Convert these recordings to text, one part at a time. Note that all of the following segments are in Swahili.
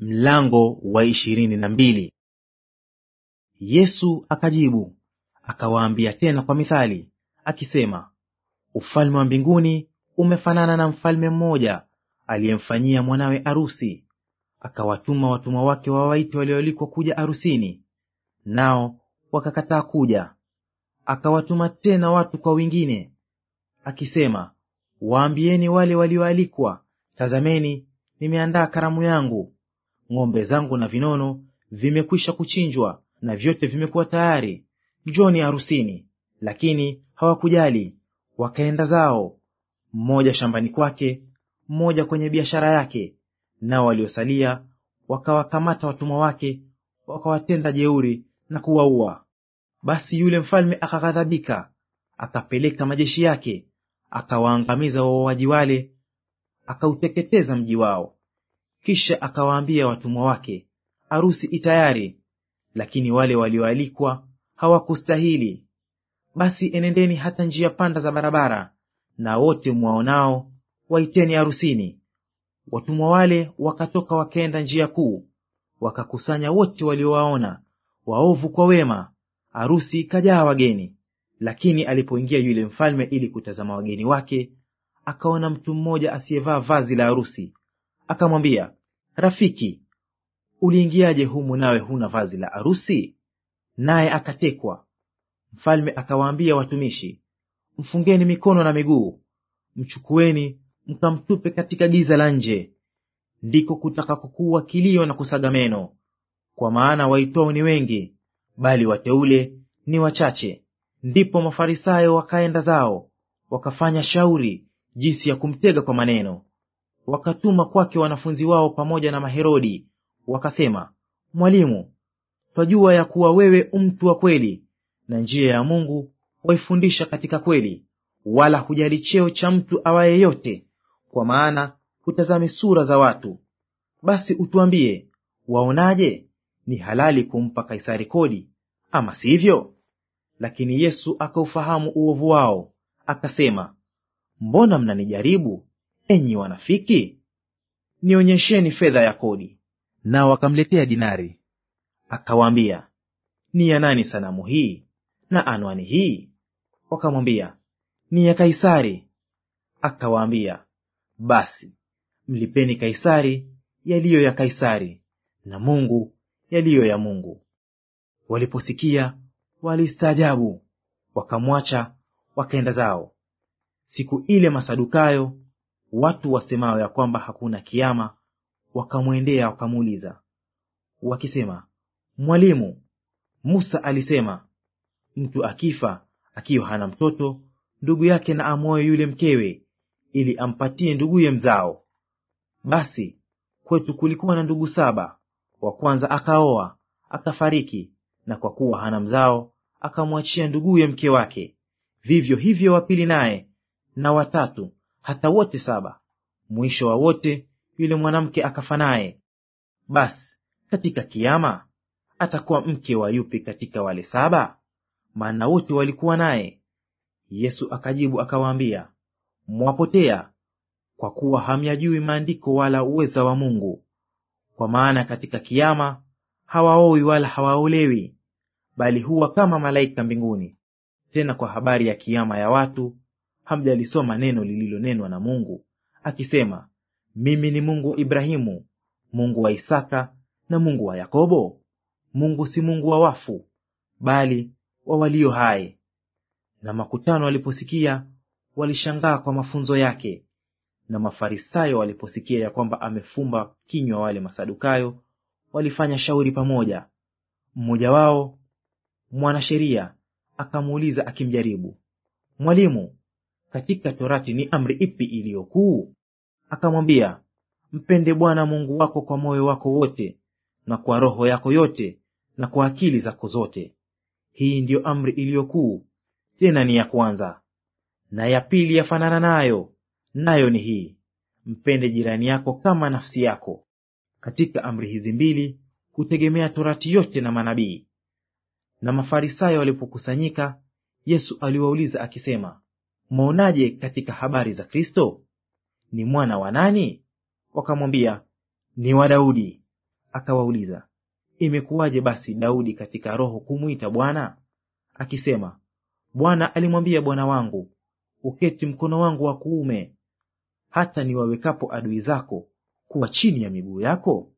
Mlango wa ishirini na mbili. Yesu akajibu akawaambia tena kwa mithali akisema, ufalme wa mbinguni umefanana na mfalme mmoja aliyemfanyia mwanawe arusi, akawatuma watumwa wake wawaite walioalikwa kuja arusini, nao wakakataa kuja. Akawatuma tena watu kwa wengine akisema, waambieni wale walioalikwa, tazameni, nimeandaa karamu yangu ng'ombe zangu na vinono vimekwisha kuchinjwa na vyote vimekuwa tayari, njoni harusini. Lakini hawakujali, wakaenda zao, mmoja shambani kwake, mmoja kwenye biashara yake. Nao waliosalia wakawakamata watumwa wake, wakawatenda jeuri na kuwaua. Basi yule mfalme akaghadhabika, akapeleka majeshi yake, akawaangamiza wauaji wale, akauteketeza mji wao. Kisha akawaambia watumwa wake, arusi itayari, lakini wale walioalikwa hawakustahili. Basi enendeni hata njia panda za barabara, na wote mwaonao waiteni arusini Watumwa wale wakatoka wakaenda njia kuu, wakakusanya wote waliowaona, waovu kwa wema. Arusi ikajaa wageni. Lakini alipoingia yule mfalme ili kutazama wageni wake, akaona mtu mmoja asiyevaa vazi la arusi, akamwambia, rafiki, uliingiaje humu nawe huna vazi la arusi? Naye akatekwa. Mfalme akawaambia watumishi, mfungeni mikono na miguu, mchukueni mkamtupe katika giza la nje, ndiko kutakakokuwa kilio na kusaga meno, kwa maana waitwao ni wengi, bali wateule ni wachache. Ndipo Mafarisayo wakaenda zao wakafanya shauri jinsi ya kumtega kwa maneno wakatuma kwake wanafunzi wao pamoja na Maherodi, wakasema, Mwalimu, twajua ya kuwa wewe mtu wa kweli na njia ya Mungu waifundisha katika kweli, wala hujali cheo cha mtu awaye yote, kwa maana hutazami sura za watu. Basi utuambie, waonaje? Ni halali kumpa Kaisari kodi ama sivyo? Lakini Yesu akaufahamu uovu wao, akasema, mbona mnanijaribu Enyi wanafiki, nionyesheni fedha ya kodi. Nao wakamletea dinari. Akawaambia, ni ya nani sanamu hii na anwani hii? Wakamwambia, ni ya Kaisari. Akawaambia, basi mlipeni Kaisari yaliyo ya Kaisari, na Mungu yaliyo ya Mungu. Waliposikia walistaajabu, wakamwacha wakaenda zao. Siku ile Masadukayo watu wasemao ya kwamba hakuna kiama wakamwendea wakamuuliza wakisema, Mwalimu, Musa alisema mtu akifa akiwa hana mtoto, ndugu yake na amwoe yule mkewe, ili ampatie nduguye mzao. Basi kwetu kulikuwa na ndugu saba. Wa kwanza akaoa akafariki, na kwa kuwa hana mzao, akamwachia nduguye mke wake. Vivyo hivyo wa pili naye, na watatu hata wote saba. Mwisho wa wote yule mwanamke akafa naye. Basi katika kiama atakuwa mke wa yupi katika wale saba? Maana wote walikuwa naye. Yesu akajibu akawaambia, mwapotea kwa kuwa hamyajui maandiko wala uweza wa Mungu. Kwa maana katika kiama hawaowi wala hawaolewi, bali huwa kama malaika mbinguni. Tena kwa habari ya kiama ya watu hamjalisoma neno lililonenwa na Mungu akisema, mimi ni Mungu wa Ibrahimu, Mungu wa Isaka na Mungu wa Yakobo? Mungu si Mungu wa wafu, bali wa walio hai. Na makutano waliposikia walishangaa kwa mafunzo yake. Na Mafarisayo waliposikia ya kwamba amefumba kinywa wale Masadukayo, walifanya shauri pamoja. Mmoja wao mwanasheria akamuuliza akimjaribu, Mwalimu, katika torati ni amri ipi iliyokuu? Akamwambia, mpende Bwana Mungu wako kwa moyo wako wote na kwa roho yako yote na kwa akili zako zote. Hii ndiyo amri iliyokuu, tena ni ya kwanza. Na ya pili yafanana nayo, nayo ni hii, mpende jirani yako kama nafsi yako. Katika amri hizi mbili hutegemea torati yote na manabii. Na Mafarisayo walipokusanyika, Yesu aliwauliza akisema, mwaonaje katika habari za Kristo? Ni mwana wa nani? Wakamwambia, ni wa Daudi. Akawauliza, imekuwaje basi Daudi katika roho kumwita Bwana akisema, Bwana alimwambia Bwana wangu, uketi mkono wangu wa kuume hata niwawekapo adui zako kuwa chini ya miguu yako?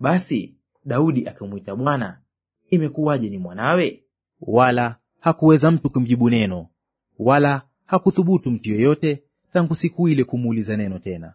Basi Daudi akamwita Bwana, imekuwaje ni mwanawe? Wala hakuweza mtu kumjibu neno, wala hakuthubutu mtu yeyote tangu siku ile kumuuliza neno tena.